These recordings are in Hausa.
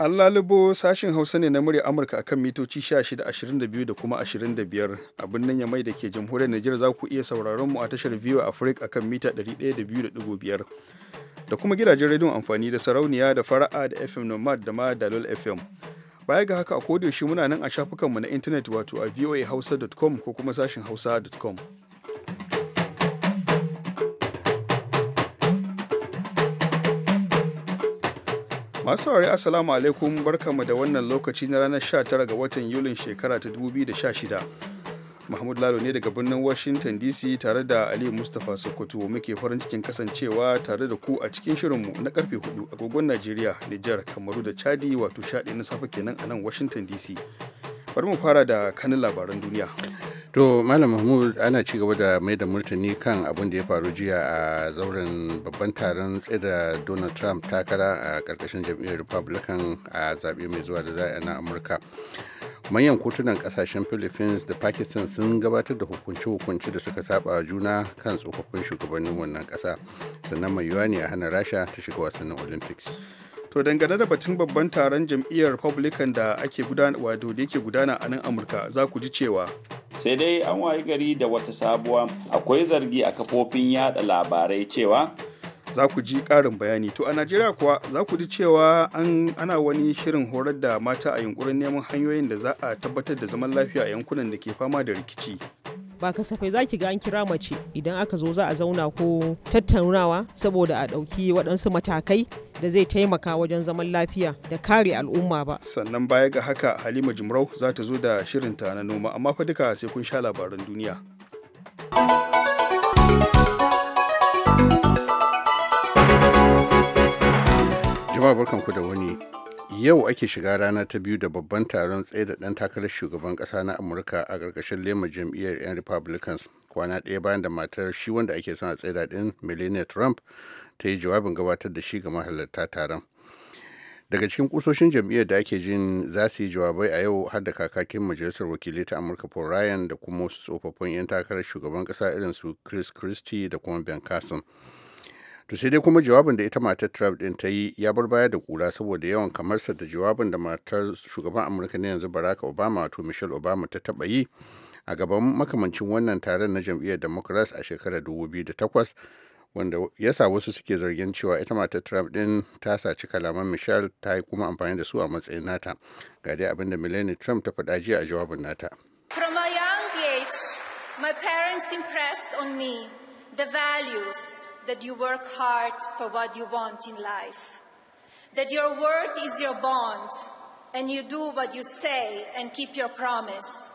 An lalubo sashin Hausa ne na murya Amurka akan mitoci 16, 22 da kuma 25 a birnin Yamai da ke jamhuriyar Nijar za ku iya sauraron mu a tashar Viewer Africa akan mita 102.5 da kuma gidajen rediyon amfani da sarauniya da fara'a da FM Nomad da ma Dalol FM. Baya ga haka a yaushe muna nan a shafukanmu na intanet wato a voahausa.com ko kuma sashin hausa.com. masu saurari assalamu alaikum barkamu da wannan lokaci na ranar 19 ga watan yulin shekara ta 2016 mahmud lalo ne daga birnin washington dc tare da ali mustapha sokoto muke farin cikin kasancewa tare da ku a cikin shirinmu na karfe 4 agogon najeriya nijar kamaru da chadi wato shaɗi na safe kenan a nan washington dc bari mu fara da kanin labaran duniya to malam mahmud ana ci gaba da mai da murtani kan abin da ya faru jiya a zauren babban taron tsida donald trump takara a karkashin jam'iyyar republican a zaɓe mai zuwa da za na amurka manyan kotunan kasashen philippines da pakistan sun gabatar da hukunci hukunci da suka saba juna kan tsofaffin shugabannin wannan kasa sannan mai yiwa ne a hana rasha ta shiga wasannin olympics to dangane da batun babban taron jam'iyyar republican da ake gudana wato da yake gudana a nan amurka za ku ji cewa sai dai an wayi gari da wata sabuwa akwai zargi a kafofin yada labarai cewa za ku ji ƙarin bayani to a najeriya kuwa za ku ji cewa an ana wani shirin horar da mata a yunkurin neman hanyoyin da za a tabbatar da zaman lafiya a yankunan da ke fama da rikici ba kasafai za ki ga an kira mace idan aka zo za a zauna ko tattaunawa saboda a ɗauki waɗansu matakai da zai taimaka wajen zaman lafiya da kare al'umma ba. Sannan baya ga haka Halima Jimrau za ta zo da shirinta na noma amma fa duka sai kun sha labaran duniya. Jama'a barkanku da wani yau ake shiga rana ta biyu da babban taron tsaye da ɗan takarar shugaban kasa na amurka a ƙarƙashin lema jam'iyyar 'yan republicans kwana ɗaya bayan da matar shi wanda ake son a tsaida ɗin melania trump ta yi jawabin gabatar da shi ga mahalarta taron daga cikin kusoshin jam'iyyar da ake jin za su yi jawabai a yau har da kakakin majalisar wakilai ta amurka paul ryan da kuma wasu tsofaffin 'yan takarar shugaban ƙasa irin su chris christie da kuma ben carson to sai dai kuma jawabin da ita matar trump din ta yi ya bar baya da kura saboda yawan kamar sa da jawabin da matar shugaban amurka na yanzu barack obama wato michelle obama ta taba yi a gaban makamancin wannan taron na jam'iyyar democrats a shekarar 2008 wanda ya sa wasu suke zargin cewa ita matar trump din ta saci kalaman michelle ta yi kuma amfani da su a matsayin nata ga dai abinda milani trump ta faɗa jiya a jawabin nata from a young age my parents impressed on me the values that you work hard for what you want in life, that your word is your bond, and you do what you say and keep your promise.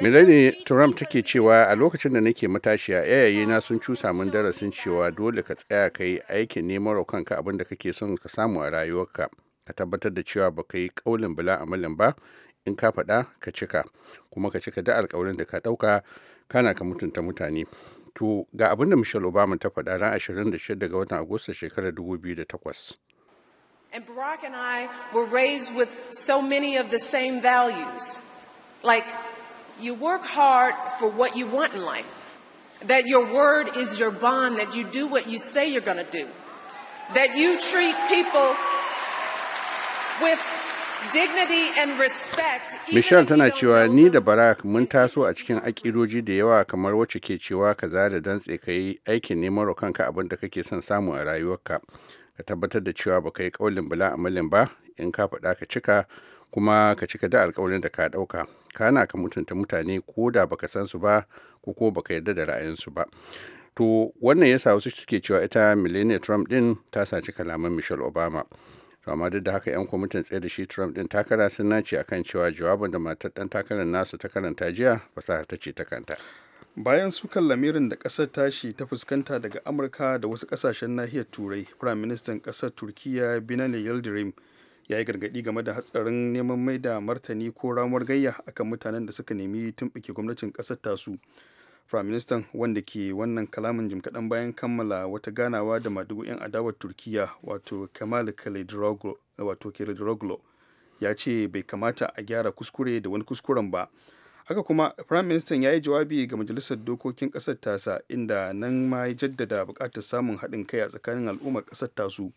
Melanie Trump take cewa a lokacin da nake matashiya yayaye na sun cusa min darasin cewa dole ka tsaya kai aikin neman kanka abin da kake son ka samu a rayuwarka ka tabbatar da cewa baka yi kaulin bala amalin ba in ka faɗa ka cika kuma ka cika da alƙawarin da ka ɗauka kana ka mutunta mutane To ga abin da Michelle Obama ta faɗa ran 26 ga watan Agusta shekarar 2008. And Barack and I were raised with so many of the same values. Like, you work hard for what you want in life, that your word is your bond, that you do what you say you're going to do, that you treat people with Michelle tana cewa ni da Barak mun taso a cikin akidoji da yawa kamar wacce ke cewa ka da dantse ka yi aikin neman wa kanka abin da kake son samu a rayuwarka. Ka tabbatar da cewa baka yi kaulin bala amalin ba in ka faɗa ka cika kuma ka cika da alkawarin da ka ɗauka. Kana ka mutunta mutane ko da baka san su ba ko ko baka yarda da ra'ayinsu ba. To wannan yasa wasu suke cewa ita Melania Trump ɗin ta saci kalaman Michelle Obama. to amma duk da haka 'yan kwamitin tsaye da shi trump din takara sun nace a kan cewa jawabin da matar dan takarar nasu ta karanta jiya fasaha ta ce ta kanta bayan sukan lamirin da kasar tashi ta fuskanta daga amurka da wasu kasashen nahiyar turai prime minister kasar turkiya binali yildirim ya yi gargadi game da hatsarin neman mai da martani ko ramar gayya akan mutanen da suka nemi tumɓuke gwamnatin kasar tasu minister wanda ke wannan kalamin jim kaɗan bayan kammala wata ganawa da madugu 'yan adawar Turkiyya wato Kemal Kılıçdaroğlu ya ce bai kamata a gyara kuskure da wani kuskuren ba. Haka kuma prime minister ya yi jawabi ga Majalisar Dokokin Ƙasar tasa inda nan ma ya jaddada buƙatar samun haɗin kai a tsakanin al'ummar ƙasar tasu.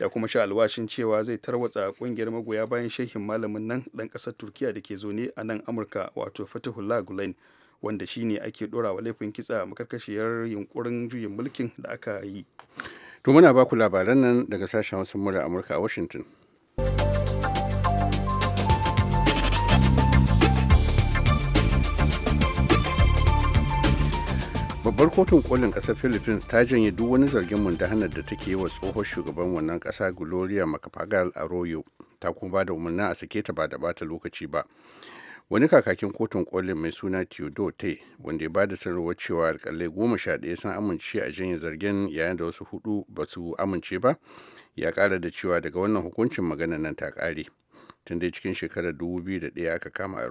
ya kuma sha alwashin cewa zai tarwatsa ƙungiyar magoya bayan shehin malamin nan dan kasar turkiyya da ke zaune a nan amurka wato fatihullah gulen wanda shine ake dora wa laifin kitsa makarkashiyar yunkurin juyin mulkin da aka yi to muna baku labaran nan daga sashen wasu mura amurka a washington babbar kotun kolin kasar philippines ta janye duk wani zargin mundahanar da take yi wa tsohon shugaban wannan kasa gloria macapagal arroyo ta kuma ba da a sake ta ba da bata lokaci ba wani kakakin kotun kolin mai suna teodote wanda ya bada sanarwar cewa alkalai goma sha ɗaya sun amince a janye zargin yayin da wasu hudu ba su amince ba ya kara da cewa daga wannan hukuncin magana nan ta ƙare tun dai cikin shekarar 2001 aka kama a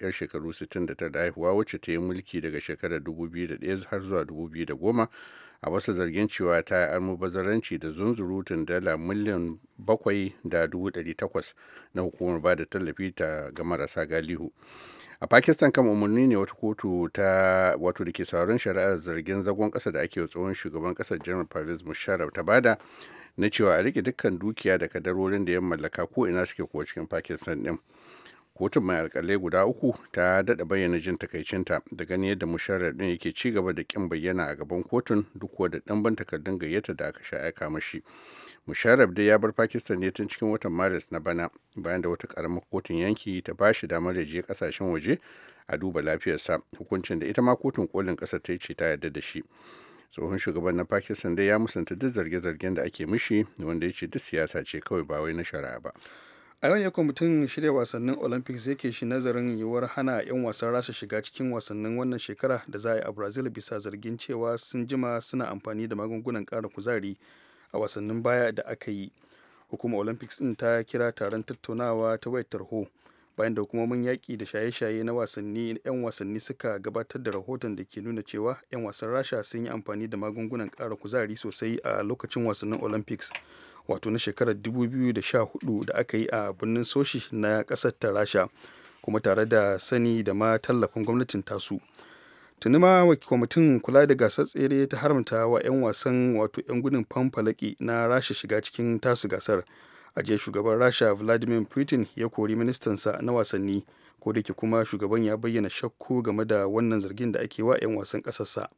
yar shekaru da ta da haihuwa wacce ta yi mulki daga shekarar 2001 har zuwa da goma? a wasu zargin cewa ta yi bazaranci da zunzurutun dala miliyan bakwai da dubu ɗari na hukumar ba da tallafi ta ga marasa galihu a pakistan kan umarni ne wata kotu ta wato da ke sauran shari'ar zargin zagon ƙasa da ake tsohon shugaban ƙasar janar paris musharraf ta bada na cewa a rike dukkan dukiya da kadarorin da ya mallaka ko ina suke kuwa cikin pakistan din kotun mai alkalai guda uku ta daɗa bayyana jin takaicinta da gani yadda musharrar ɗin yake ci gaba da ƙin bayyana a gaban kotun duk da ɗanban takardun gayyata da aka sha mashi musharar dai ya bar pakistan ne tun cikin watan maris na bana bayan da wata ƙaramar kotun yanki ta ba shi damar ya je kasashen waje a duba lafiyarsa hukuncin da ita ma kotun kolin ƙasar ta ce ta yarda da shi tsohon shugaban na pakistan dai ya musanta duk zarge-zargen da ake mishi wanda ya ce duk siyasa ce kawai ba wai na shari'a ba a yau ne kwamitin shirya wasannin olympics yake shi nazarin yiwuwar hana 'yan wasan rasa shiga cikin wasannin wannan shekara da za a a brazil bisa zargin cewa sun jima suna amfani da magungunan kara kuzari a wasannin baya da aka yi hukumar olympics din ta kira taron tattaunawa ta wayar tarho bayan da hukumomin yaƙi da shaye-shaye na wasanni 'yan wasanni suka gabatar da rahoton da ke nuna cewa 'yan wasan rasha sun yi amfani da magungunan kara kuzari sosai a lokacin wasannin olympics wato na shekarar 2014 da aka yi a birnin soshi na kasar ta rasha kuma tare da sani da ma tallafin gwamnatin tasu tuni ma kwamitin kula da gasar tsere ta haramta wa 'yan wasan wato 'yan gudun fanfalaki na rasha shiga cikin tasu gasar a jiya shugaban rasha vladimir putin ya kori ministansa na wasanni ko da ke kuma shugaban ya bayyana shakku game da wannan zargin da ake wa 'yan wasan ƙasarsa.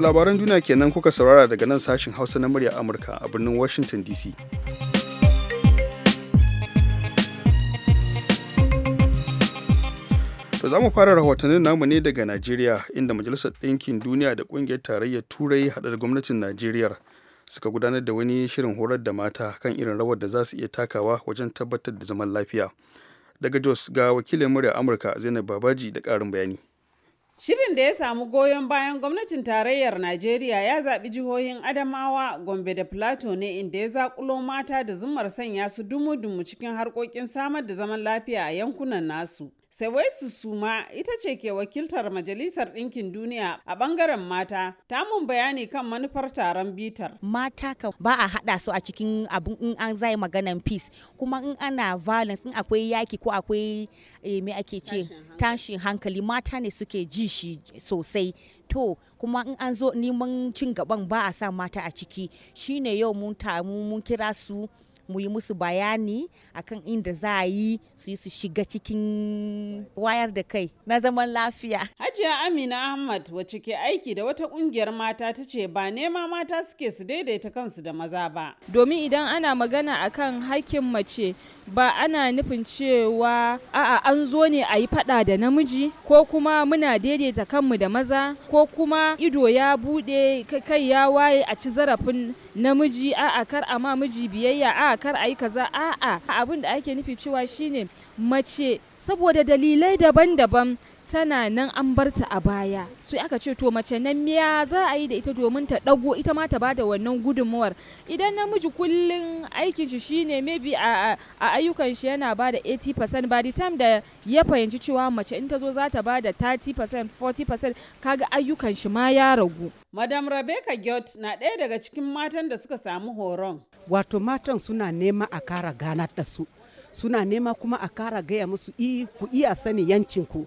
To labaran duniya kenan kuka saurara daga nan sashin Hausa na murya Amurka a birnin Washington DC. To za mu fara rahotannin namu ne daga Najeriya inda Majalisar Ɗinkin Duniya da Ƙungiyar Tarayyar Turai haɗa da gwamnatin Najeriya suka gudanar da wani shirin horar da mata kan irin rawar da za su iya takawa wajen tabbatar da zaman lafiya. Daga Jos ga wakilin murya Amurka Zainab Babaji da ƙarin bayani. Shirin da ya samu goyon bayan gwamnatin tarayyar Najeriya ya zaɓi jihohin Adamawa, Gombe da Plateau ne inda ya zaƙulo mata da zumar sanya su dumu-dumu cikin harkokin samar da zaman lafiya a yankunan nasu. Sewaisu Suma ita ce ke wakiltar Majalisar Ɗinkin Duniya a ɓangaren mata, ta mun bayani kan manufar taron bitar. Mata ka ba a haɗa su a cikin abin in an zai maganan peace, kuma in ana violence in akwai yaki ko akwai e, ake ce tashin hankali mata ne suke ji shi sosai. To kuma in an zo neman cin gaban ba a sa mata a ciki shine yau mun tamu mun kira su mu yi musu bayani akan inda za a yi su yi su shiga cikin wayar da kai na zaman lafiya. Hajiya Amina Ahmad wacce ke aiki da wata kungiyar mata ta ce ba nema mata suke su daidaita kansu da maza ba. Domin idan ana magana akan hakkin mace ba ana nufin cewa a'a an zo ne a yi fada da namiji ko kuma muna daidaita kanmu da maza ko kuma ido ya bude kai ya waye a ci zarafin namiji a'a kar a ma miji biyayya a'a kar a yi kaza a'a abin da ake nufi cewa shine mace saboda dalilai daban-daban tana nan an bar ta a baya su aka ce to mace nan miya za a yi da ita domin ta dago ita ma ta bada wannan gudunmuwar idan namiji kullun aikin shi shine maybe a, ayyukan shi yana bada 80% by the time da ya fahimci cewa mace in ta zo za ta bada 30% 40% kaga ayyukan shi ma ya ragu madam rebecca gyot na ɗaya daga cikin matan da suka samu horon wato matan suna nema a kara gana da su suna nema kuma a kara gaya musu ku iya sani yancinku ku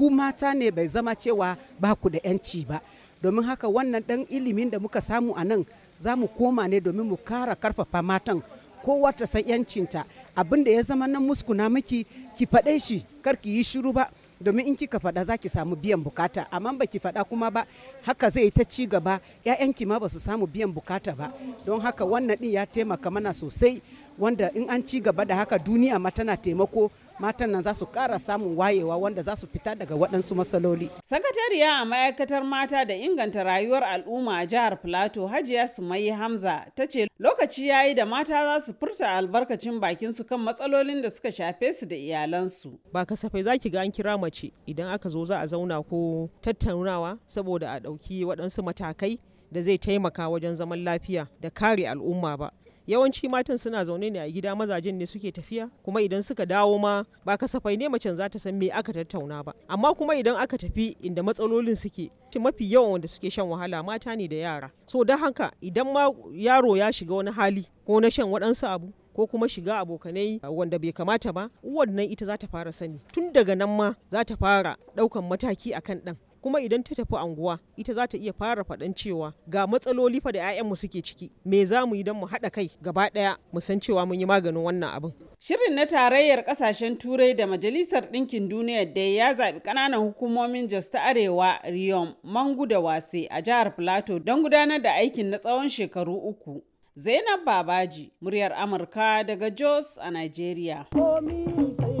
ku mata ne bai zama cewa ba ku da 'yanci ba domin haka wannan ɗan ilimin da muka samu a nan za mu koma ne domin mu kara karfafa matan ko ta san 'yancinta abin da ya zama nan muskuna miki ki faɗe shi kar ki yi shiru ba domin in kika faɗa za ki samu biyan bukata amma ba ki faɗa kuma ba haka zai yi ta ci gaba 'ya'yanki ma ba su samu biyan bukata ba don haka wannan ɗin ya taimaka mana sosai wanda in an ci gaba da haka duniya ma tana taimako matan nan za su kara samun wayewa wanda za su fita daga waɗansu matsaloli. Sakatariya a ma'aikatar mata da inganta rayuwar al'umma a jihar Filato Hajiya Sumayi Hamza ta ce lokaci ya yi da mata za su furta albarkacin bakin su kan matsalolin da suka shafe su da iyalansu. Ba kasafai za ki ga an kira mace idan aka zo za a zauna ko tattaunawa saboda a ɗauki waɗansu matakai da zai taimaka wajen zaman lafiya da kare al'umma ba yawanci matan suna zaune ne a gida mazajen ne suke tafiya kuma idan suka dawo ma ba kasafai ne macen za ta san me aka tattauna ba amma kuma idan aka tafi inda matsalolin suke mafi yawan wanda suke shan wahala mata ne da yara so da haka idan ma yaro ya shiga wani hali ko na shan waɗansu abu ko kuma shiga abokanai uh, wanda bai kamata ba uwar nan ita za ta fara sani tun daga nan ma za ta fara ɗaukan mataki akan ɗan kuma idan ta tafi anguwa ita za ta iya fara faɗan cewa ga matsaloli fa da 'ya'yanmu suke ciki me za mu yi don mu haɗa kai gaba ɗaya mu san cewa mun yi maganin wannan abin. Shirin na tarayyar ƙasashen Turai da Majalisar Ɗinkin Duniya da ya zaɓi ƙananan hukumomin Jos ta Arewa, Riyom, Mangu da Wase a jihar Plateau don gudanar da aikin na tsawon shekaru uku. Zainab Babaji, muryar Amurka daga Jos a Najeriya. Komi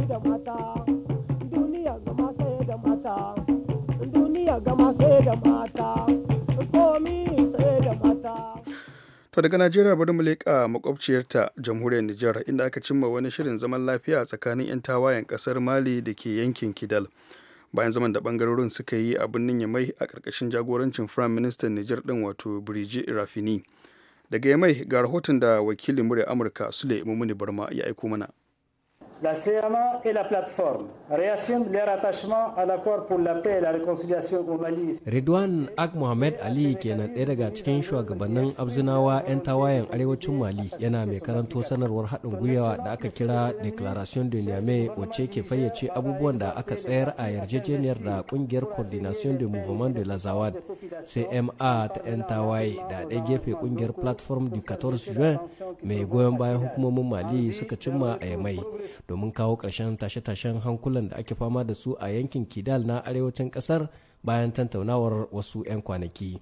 da mata. to daga najeriya bari mu leƙa makwabciyarta jamhuriyar nijar inda aka cimma wani shirin zaman lafiya tsakanin 'yan tawayen ƙasar mali da ke yankin kidal bayan zaman da ɓangarorin suka yi a birnin yamai a ƙarƙashin jagorancin firayim minister nijar ɗin wato birji rafini daga yamai ga rahoton da wakilin murya amurka sule mumuni barma ya aiko mana la CMA et la plateforme réaffirment leur attachement à l'accord pour la paix et la réconciliation au Mali. Mohamed Ali kenan ɗaya daga cikin shugabannin abzinawa 'yan tawayen arewacin Mali yana mai karanto sanarwar haɗin gwiwa da aka kira Declaration de Niamey wacce ke fayyace abubuwan da aka tsayar a yarjejeniyar da ƙungiyar Coordination de Mouvement de la Zawad CMA ta 'yan tawaye da ɗaya gefe ƙungiyar Platform du 14 Juin mai goyon bayan hukumomin Mali suka cimma a Yamai. domin kawo ƙarshen tashe-tashen hankulan da ake fama da su a yankin kidal na arewacin ƙasar bayan tantaunawar wasu 'yan kwanaki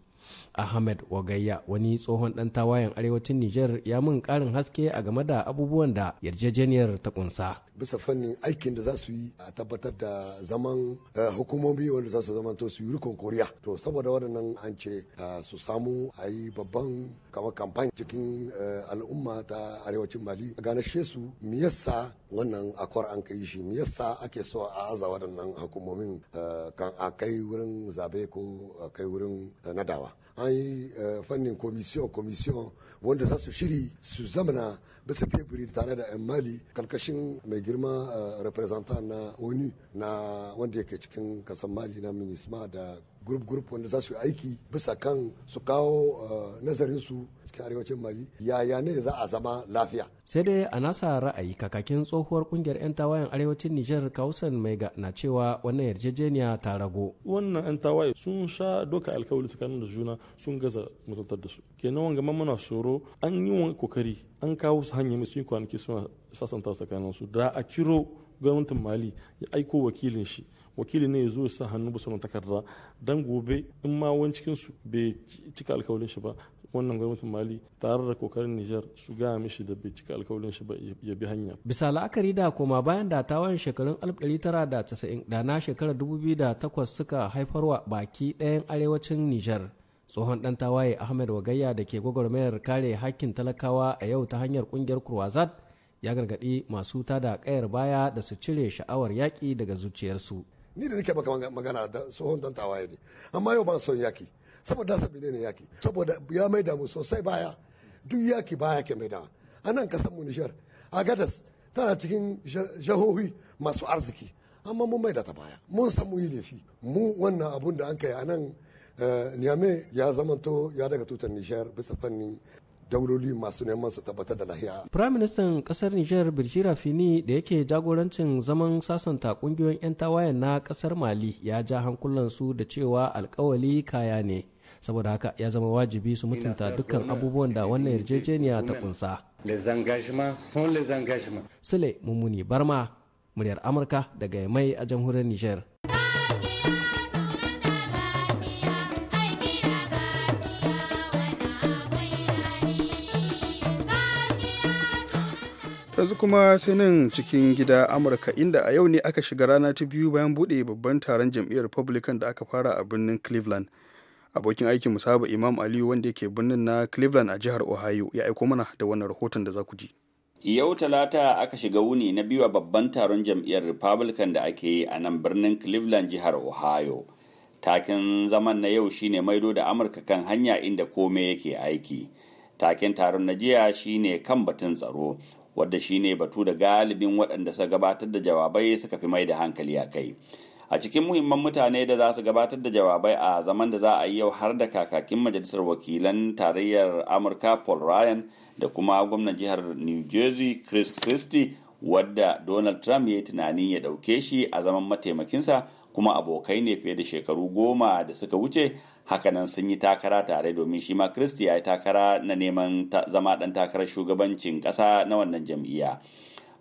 ahmed wagayya wani tsohon ɗan tawayen arewacin niger ya mun ƙarin haske a game da abubuwan da yarjejeniyar ta kunsa bisa fannin aikin da za su yi a tabbatar da zaman eh, hukumomi wanda za su zama to su yi rikon koriya to saboda waɗannan an ce eh, su samu a yi babban kama kamfani cikin eh, al'umma ta arewacin mali a ganashe su me yasa wannan akwar an kai shi me yasa ake so a aza waɗannan hukumomin eh, kan a kai wurin zabe ko a kai wurin eh, nadawa an yi eh, fannin komisiyon komisiyon wanda za su shiri su zamana bisa teburi tare da yan mali karkashin mai girma representant na onu na wanda yake cikin kasan mali na minisma da grup-grup wanda za su yi aiki bisa kan su kawo eh, nazarin su cikin arewacin mali yaya ne za a zama lafiya sai dai a nasa ra'ayi kakakin tsohuwar kungiyar 'yan tawayen arewacin nijar kausan maiga na cewa wannan yarjejeniya ta rago wannan 'yan tawaye sun sha doka alkawali tsakanin da juna sun gaza mutuntar da su kenan wanga muna tsoro an yi wani kokari an kawo su hanya mai sun kwanaki suna sasanta tsakanin su da a kiro gwamnatin mali ya aiko wakilin shi wakili ne ya zo ya sa hannu ba wannan takarda dan gobe in ma wani cikin su bai cika alkawalin shi ba wannan gwamnatin mali tare da kokarin Nijar su gaya mishi da bai cika alkawalin shi ba ya bi hanya. Bisa la'akari da koma bayan da tawayen shekarun 1990 da na shekarar 2008 suka haifarwa baki ɗayan arewacin Nijar. Tsohon ɗan tawaye Ahmed Wagayya da ke gwagwarmayar kare hakkin talakawa a yau ta hanyar ƙungiyar Kurwazat ya gargaɗi masu tada kayar baya da su cire sha'awar yaƙi daga zuciyarsu ni da nake maka magana da tsohon dan tawaye ne amma yau ban son yaki saboda bi ne yaki saboda ya maida mu sosai baya duk yaki baya ke maida a nan kasan mu nishar agadas tana cikin jahohi masu arziki amma mun maida ta baya mun san mu yi laifi mu wannan abun da an kai a nan eh, niyame ya zamanto ya daga tutar nishar bisa fanni. dauloli masu neman su tabbatar da lahiya. Prime Minister kasar Nijar Birjira Fini da yake jagorancin zaman sasanta kungiyoyin 'yan tawayen na kasar Mali ya ja hankulansu da cewa alkawali kaya ne. Saboda haka ya zama wajibi su mutunta dukkan abubuwan da wannan yarjejeniya ta kunsa. Sule Mummuni Barma, muryar Amurka daga mai a jamhuriyar niger. yanzu kuma sai nan cikin gida amurka inda a yau ne aka shiga rana ta biyu bayan buɗe babban taron jam'iyyar republican da aka fara a birnin cleveland abokin aikin musaba imam aliyu wanda yake birnin na cleveland a jihar ohio ya aiko mana da wannan rahoton da za ku ji Yau Talata aka shiga wuni na biyu a babban taron jam'iyyar Republican da ake yi a nan birnin Cleveland jihar Ohio. Takin zaman na yau shine maido da Amurka kan hanya inda kome yake aiki. Takin taron na jiya shine kan batun tsaro wadda shine batu da galibin waɗanda suka gabatar da jawabai suka fi mai da hankali a kai a cikin muhimman mutane da za su gabatar da jawabai a zaman da za a yi yau har da kakakin majalisar wakilan tarayyar amurka paul ryan da kuma gwamnan jihar new jersey chris christie wadda donald trump ya yi tunani ya ɗauke shi a zaman mataimakinsa kuma abokai ne fiye da shekaru goma da suka wuce hakanan sun yi takara tare domin shi ma kristi ya yi takara na neman zama ɗan takarar shugabancin ƙasa na wannan jam'iyya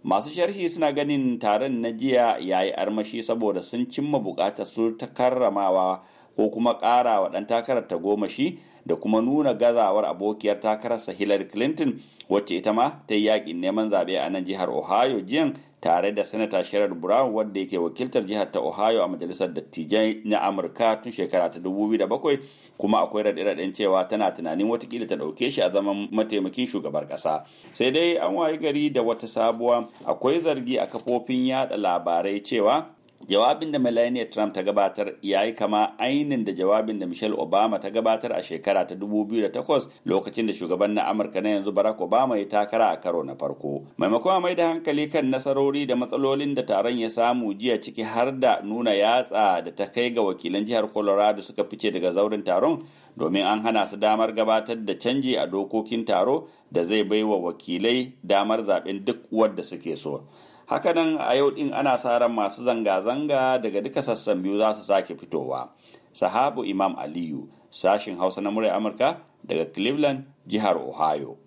masu sharhi suna ganin taron na jiya ya yi armashi saboda sun cimma buƙatar su ta karramawa ko kuma ƙara wa ɗan takarar ta goma shi da kuma nuna gazawar abokiyar takararsa Hillary Clinton wacce ita ma ta yi yaƙin neman zaɓe a nan jihar Ohio jiyan tare da sanata sherrod brown wadda yake wakiltar jihar ta ohio a majalisar dattijai na amurka tun shekara ta 2007 kuma akwai raɗe-raɗen cewa tana tunanin watakila ta ɗauke shi a zaman mataimakin shugabar ƙasa sai dai an wayi gari da wata sabuwa akwai zargi a kafofin yada labarai cewa jawabin da melania trump ta gabatar ya yi kama ainin da jawabin da michelle obama ta gabatar a shekara ta 2008 lokacin da shugaban na amurka na yanzu barack obama ya takara a karo na farko maimakon mai da hankali kan nasarori da matsalolin da taron ya samu jiya ciki har da nuna yatsa da ta kai ga wakilan jihar colorado suka fice daga zauren taron domin an hana su damar gabatar da canji a dokokin taro da zai baiwa wakilai damar zaben duk wadda suke so hakanan a yau din ana sa ran masu zanga-zanga daga duka sassan biyu za su sake fitowa sahabu imam aliyu sashin hausa na murai amurka daga cleveland jihar ohio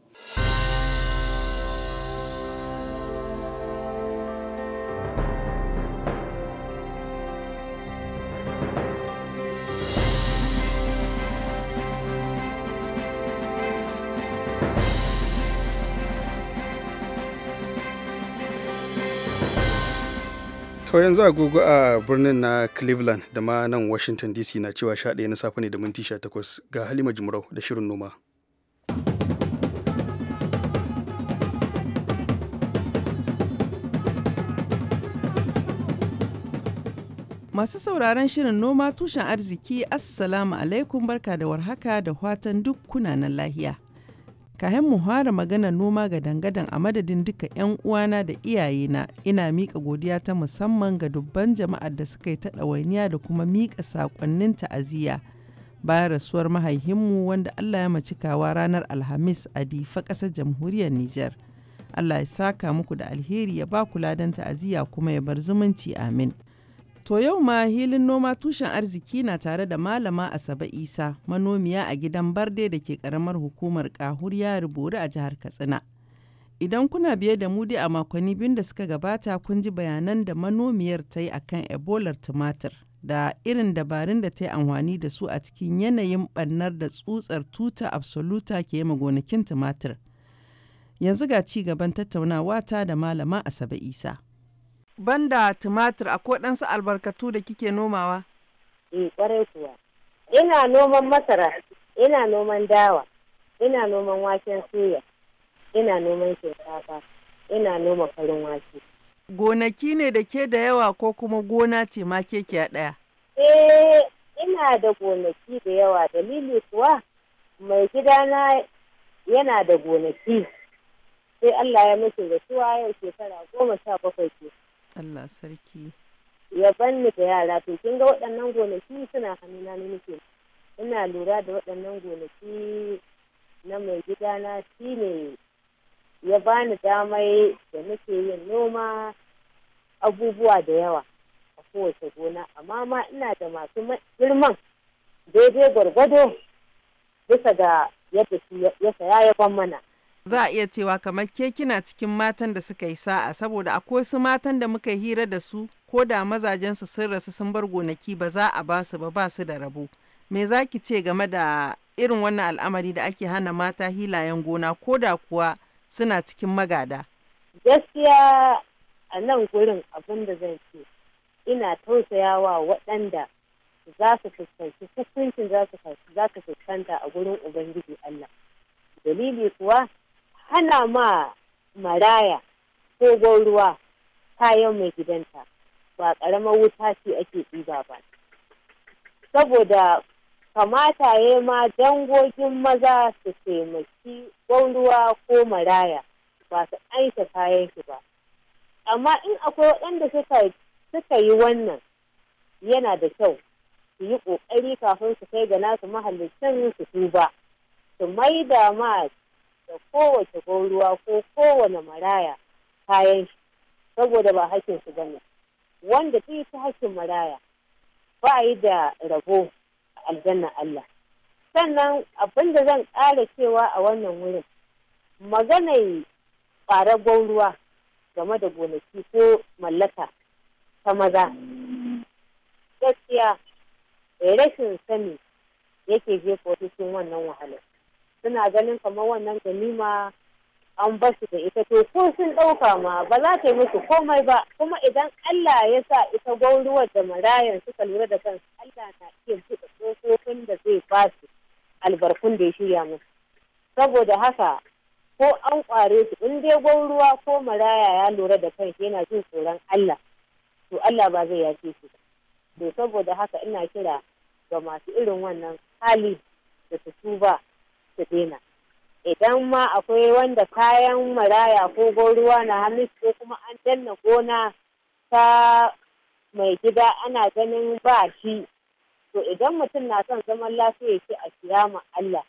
to yanzu agogo a birnin na cleveland da ma nan washington dc na cewa sha ɗaya na safe ne da minti 18 ga halima jimrau da shirin noma Masu sauraron shirin noma tushen arziki Assalamu alaikum barka da warhaka da watan duk kunanan lahiya. Kahin mu fara maganar noma ga dangadan a madadin duka 'yan uwana da iyayena, ina miƙa godiya ta musamman ga dubban jama'ar da suka yi ta ɗawainiya da kuma miƙa saƙonnin ta'aziyya bayan rasuwar mahaihinmu wanda Allah ya maci kawa ranar Alhamis a Difa ƙasar jamhuriyar Nijar. Allah ya saka muku da alheri ya ba ku ladan ta'aziyya kuma ya bar zumunci amin. To yau ma hilin noma tushen arziki na tare da Malama Asaba Isa manomiya a gidan Barde da ke karamar hukumar ya Rubori a jihar Katsina. Idan kuna biye da mu dai a makonni biyun da suka gabata kun ji bayanan da manomiyar ta yi kan ebolar tumatir da irin dabarun da ta yi amfani da su a cikin yanayin ɓannar da tsutsar tuta absoluta ke yi gonakin tumatir. Yanzu ga ci gaban tattaunawa ta da Malama Asaba Isa. banda tumatir a ko ɗansu albarkatu da kike nomawa? Eh kwarai kuwa. Ina noman masara, ina noman dawa, ina noman waken suya, ina noman shinkafa, ina noma farin wake. Gonaki ne da ke da yawa ko kuma gona ce ma ke ɗaya? Eh ina da gonaki da yawa dalili kuwa mai gidana yana da gonaki sai Allah ya mutu da suwa yau shekara goma sha bakwai ke Allah sarki. Ya banni da yara to kin ga waɗannan gonaki suna hannuna ne nake. Ina lura da waɗannan gonaki na mai gidana shine ya bani damai da nake yin noma abubuwa da yawa a kowace gona amma ma ina da masu girman daidai gwargwado bisa ga yadda ya saya ya ban mana. za a iya cewa kamar ke kina cikin matan da suka yi sa'a saboda akwai su matan da muka hira da su ko da mazajensu sun rasu sun bar gonaki ba za a ba su ba ba su da rabo me za ki ce game da irin wannan al'amari da ake hana mata hilayen gona ko da kuwa suna cikin magada gaskiya a nan gurin abin da zan ce ina tausayawa waɗanda za su fuskanci hukuncin za su fuskanta a gurin ubangiji allah dalili kuwa hana ma maraya ko ruwa kayan mai gidanta ba ƙaramar wuta ce ake ɗiba ba saboda kamata ya ma dangogin maza su taimaki ruwa ko maraya ba su aika kayan shi ba amma in akwai waɗanda suka yi wannan yana da kyau su yi ƙoƙari kafin su kai ga nasu mahallin su tuba su mai da ma da kowace ruwa ko kowane maraya kayan shi saboda ba hakin su bane wanda ta yi ta maraya ba yi da rabo a aljanna Allah sannan abinda zan ƙara cewa a wannan wurin maganar ƙara ruwa game da gonaki ko mallaka ta maza gaskiya eh, rashin sani yake jefa cikin wannan wahalar suna ganin kamar wannan ganima an ba su da ita to ko sun ɗauka ma ba za ta yi musu komai ba kuma idan Allah ya sa ita gwauruwar da marayan suka lura da kansu Allah na iya buɗe tsofofin da zai basu su albarkun da ya shirya musu saboda haka ko an ƙware su in dai gwauruwa ko maraya ya lura da kansu yana jin tsoron Allah to Allah ba zai yace shi to saboda haka ina kira ga masu irin wannan hali da su ba. su daina idan ma akwai wanda kayan maraya ko ruwa na hannu ko kuma an danna gona ta mai gida ana ganin ba shi to idan mutum na son zaman lafiya shi a kirama Allah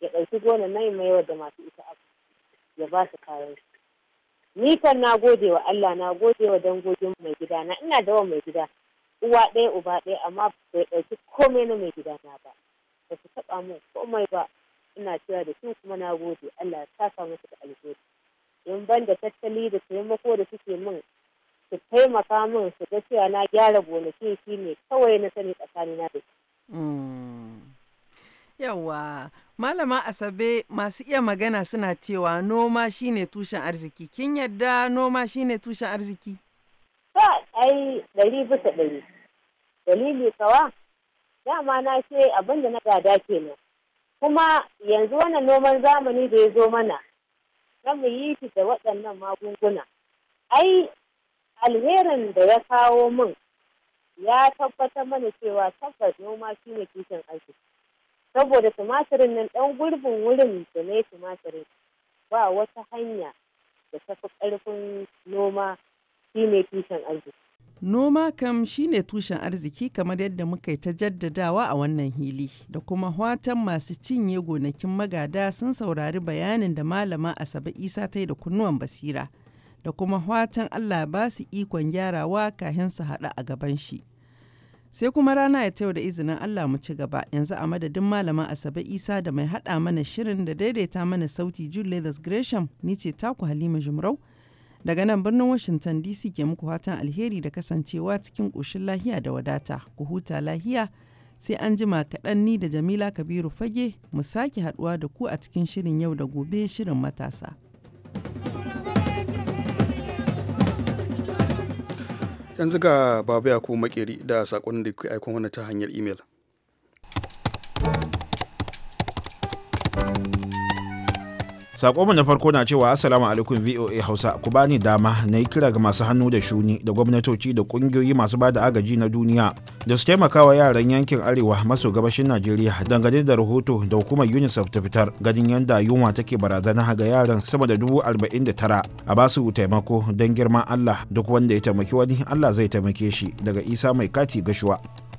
ya ɗauki gona nai mai da masu ita abu ya ba su kayan su ni kan na gode wa Allah na gode wa dangogin mai gida na ina da wa mai gida uwa ɗaya uba ɗaya amma bai ɗauki komai na mai gida na ba ba su taɓa min komai ba ina cewa da su kuma na gode Allah ya saka musu da alheri in ban da tattali da taimako da suke min su taimaka min su ga cewa na gyara gonaki shi ne kawai na sani tsakanina da su. Mm. Yawwa, Malama Asabe masu iya magana suna cewa noma shine tushen arziki. Kin yadda noma shine tushen arziki? Ba, ai ɗari bisa ɗari. Dalili kawa, dama na ce abinda na gada kenan. kuma yanzu wannan noman zamani da ya zo mana na mu yi shi da waɗannan magunguna ai alherin da ya kawo min ya tabbatar mana cewa tabbas noma shi ne kishin aiki saboda tumatirin nan ɗan gurbin wurin da na yi tumatirin ba wata hanya da tafi ƙarfin noma shi ne kishin aiki Noma kam shine tushen arziki kamar yadda muka yi ta jaddadawa a wannan hili da kuma watan masu cinye gonakin magada sun saurari bayanin da malama Asabe Isa ta yi da kunnuwan basira da kuma watan Allah ba su ikon gyarawa kahin su haɗa a gaban shi. Sai kuma rana ya ta yau da izinin Allah mu ci gaba yanzu a madadin malama Asabe Isa da mai haɗa mana shirin da daidaita mana sauti Julius Gresham ni ce taku Halima Jumrau. Daga nan birnin Washington DC ke muku fatan alheri da kasancewa cikin ƙoshin lahiya da wadata, ku huta lahiya sai an jima kaɗan ni da Jamila Kabiru Fage mu sake haɗuwa da ku a cikin shirin yau da gobe shirin matasa. Yanzu ga Babu ya kuma Makeri da saƙon da ku aikon wani ta hanyar imel. sakonmu na farko na cewa assalamu alaikum voa hausa ku bani dama na yi kira ga masu hannu da shuni da gwamnatoci da kungiyoyi masu bada agaji na duniya da su taimakawa yaran yankin arewa maso gabashin najeriya dangane da rahoto da hukumar unicef ta fitar ganin yadda yunwa take barazana ga yaran sama da dubu arba'in da tara a basu taimako don girman allah duk wanda ya taimaki wani allah zai taimake shi daga isa mai kati gashuwa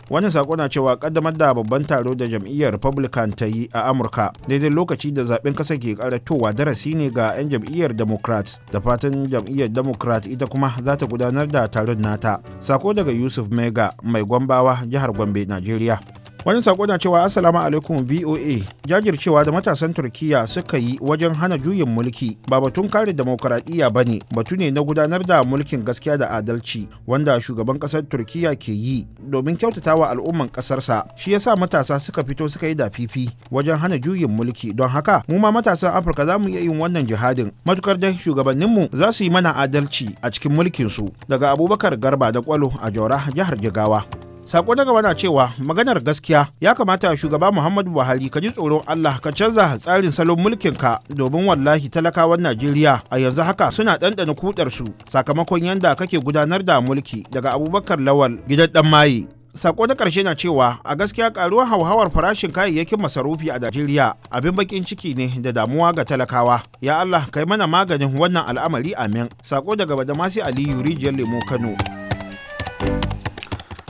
wannan sako na cewa kaddamar da babban taro da jam'iyyar republican ta yi a amurka daidai lokaci da zaben kasa ke karatowa darasi ne ga 'yan jam'iyyar democrat da fatan jam'iyyar democrat ita kuma za ta gudanar da taron nata sako daga yusuf mega mai gwambawa jihar gombe najeriya wani sako na cewa assalamu alaikum voa jajircewa da matasan turkiya suka yi wajen hana juyin mulki ba batun kare demokuraɗiyya ba ne batu ne na gudanar da mulkin gaskiya da adalci wanda shugaban ƙasar turkiya ke yi domin kyautata wa al'umman ƙasarsa shi yasa matasa suka fito suka yi dafifi wajen hana juyin mulki don haka mu ma matasan afirka za mu iya yin wannan jihadin matukar dai shugabanninmu za su yi mana adalci a cikin mulkinsu daga abubakar garba da kwalo a jaura jihar jigawa Sako na gaba na cewa maganar gaskiya ya kamata shugaba Muhammadu Buhari ka ji tsoron Allah ka canza tsarin salon mulkin ka domin wallahi talakawan Najeriya a yanzu haka suna ɗanɗana kutar su sakamakon yanda kake gudanar da mulki daga Abubakar Lawal gidan dan maye. sako na karshe na cewa a gaskiya ƙaruwar hauhawar farashin kayayyakin masarufi a Najeriya abin bakin ciki ne da damuwa ga talakawa ya Allah kai mana maganin wannan al'amari amin sako daga Badamasi Aliyu rijiyar lemo Kano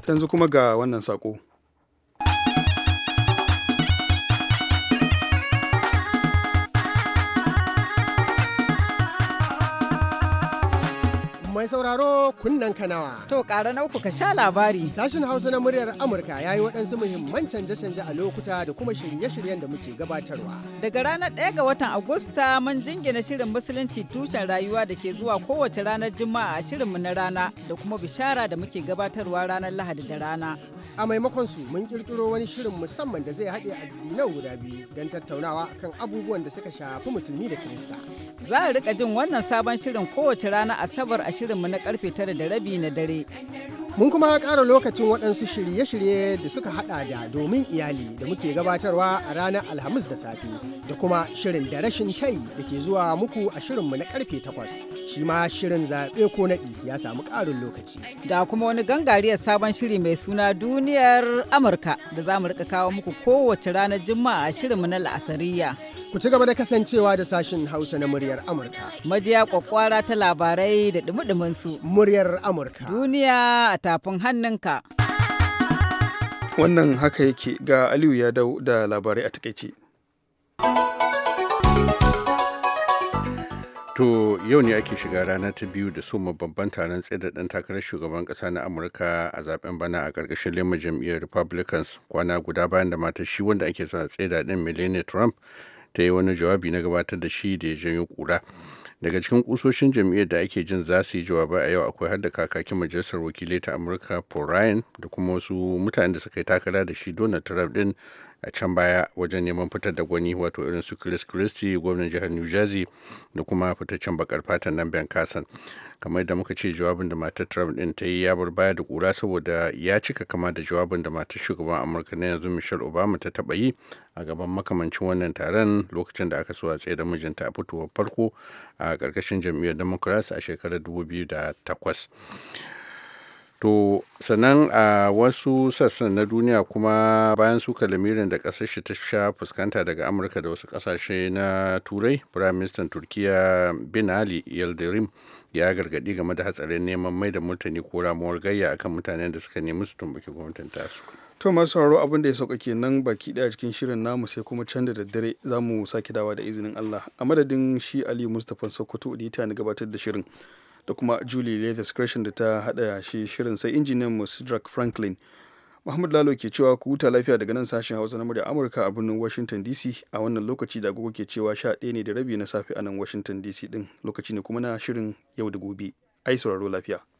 yanzu kuma ga wannan sako mai sauraro kunnen kanawa. To ƙara nauku ka sha labari. Sashen Hausa na muryar Amurka ya yi waɗansu muhimman canje-canje a lokuta da kuma shirye-shiryen da muke gabatarwa. Daga ranar ɗaya ga watan Agusta mun jingina shirin Musulunci tushen rayuwa da ke zuwa kowace ranar Juma'a a shirinmu na rana da kuma bishara da muke gabatarwa ranar Lahadi da rana. a maimakon su mun kirkiro wani shirin musamman da zai haɗe addinan guda biyu don tattaunawa kan abubuwan da suka shafi musulmi da kirista za a rika jin wannan sabon shirin kowace rana asabar a shirinmu na karfe tara da rabi na dare mun kuma ƙara lokacin waɗansu shirye-shirye da suka haɗa da domin iyali da muke gabatarwa a ranar alhamis da safe da kuma shirin da rashin tai da ke zuwa muku a shirinmu na karfe takwas shi ma shirin zaɓe ko naɗi ya samu ƙarin lokaci ga kuma wani gangariyar sabon shiri mai suna duniya duniyar Amurka da za mu rika kawo muku kowace ranar Juma'a a shirinmu na la'asariya. Ku ci gaba da kasancewa da sashin Hausa na muryar Amurka. Majiya kwakwara ta labarai da dumudumansu. Muryar Amurka. Duniya a tafin hannunka. Wannan haka yake ga Aliyu ya dau da labarai a takaici. To yau ne ake shiga rana ta biyu da soma babban taron tsaida ɗan takarar shugaban ƙasa na Amurka a zaben bana a ƙarƙashin lema jam'iyyar Republicans kwana guda bayan da mata shi wanda ake sa a ɗin Melania Trump ta yi wani jawabi na gabatar da shi da ya janyo ƙura. Daga cikin kusoshin jam'iyyar da ake jin za su yi jawabi a yau akwai har da kakakin majalisar wakilai ta Amurka Paul Ryan da kuma wasu mutanen da suka yi takara da shi Donald Trump ɗin a can baya wajen neman fitar da gwani wato irin su chris christie gwamnan jihar new jersey da kuma fitaccen bakar fatan nan ben kasan kamar da muka ce jawabin da matar trump din ta yi ya bar baya da kura saboda ya cika kama da jawabin da matar shugaban amurka na yanzu michelle obama ta taba yi a gaban makamancin wannan taron lokacin da aka so a tsaye da mijinta a fitowar farko a karkashin jam'iyyar democrats a shekarar 2008 to sannan a wasu sassan na duniya kuma bayan su kalamirin da kasar shi ta sha fuskanta daga amurka da wasu kasashe na turai prime minister turkiya bin ali yildirim ya gargadi game da hatsarin neman mai da mutane ko ramuwar gayya akan mutanen da suka nemi su tumbuki gwamnatin tasu to masu sauraro abin da ya sauka nan baki ɗaya cikin shirin namu sai kuma can da daddare za mu sake dawa da izinin allah a madadin shi ali mustapha sokoto da ta gabatar da shirin da kuma julie levis gresham da ta hada shi shirin sai injiniyan mu drake franklin Muhammad Lalo ke cewa ku huta lafiya daga nan sashen Hausa na murya Amurka a birnin Washington DC a wannan lokaci da agogo ke cewa sha ɗaya ne da rabi na safe a nan Washington DC din lokaci ne kuma na shirin yau da gobe. Ai sauraro lafiya.